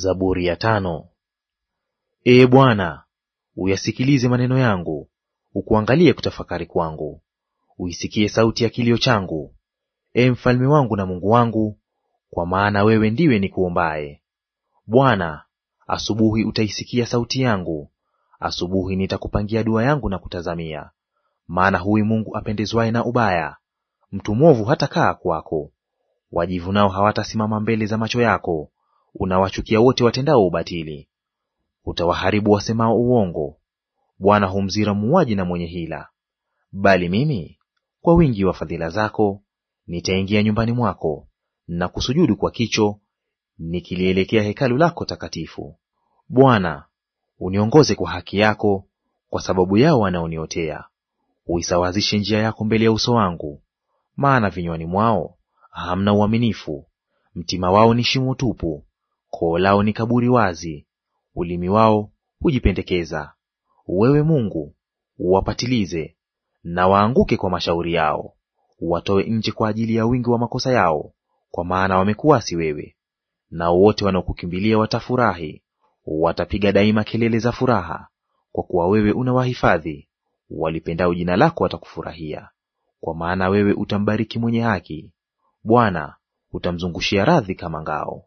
Zaburi ya tano. Ee Bwana, uyasikilize maneno yangu, ukuangalie kutafakari kwangu. Uisikie sauti ya kilio changu, ee mfalme wangu na Mungu wangu, kwa maana wewe ndiwe nikuombaye. Bwana, asubuhi utaisikia sauti yangu, asubuhi nitakupangia dua yangu na kutazamia. Maana huwi Mungu apendezwaye na ubaya, mtu mwovu hatakaa kwako, wajivu nao hawatasimama mbele za macho yako unawachukia wote watendao ubatili, utawaharibu wasemao uongo. Bwana humzira muuaji na mwenye hila. Bali mimi kwa wingi wa fadhila zako nitaingia nyumbani mwako na kusujudu kwa kicho, nikilielekea hekalu lako takatifu. Bwana, uniongoze kwa haki yako kwa sababu yao wanaoniotea. Uisawazishe njia yako mbele ya uso wangu, maana vinywani mwao hamna uaminifu, mtima wao ni shimo tupu, Koo lao ni kaburi wazi, ulimi wao hujipendekeza. Wewe Mungu, uwapatilize na waanguke kwa mashauri yao. watoe nje kwa ajili ya wingi wa makosa yao, kwa maana wamekuasi wewe. Nao wote wanaokukimbilia watafurahi, watapiga daima kelele za furaha, kwa kuwa wewe unawahifadhi walipendao jina lako watakufurahia. Kwa maana wewe utambariki mwenye haki, Bwana utamzungushia radhi kama ngao.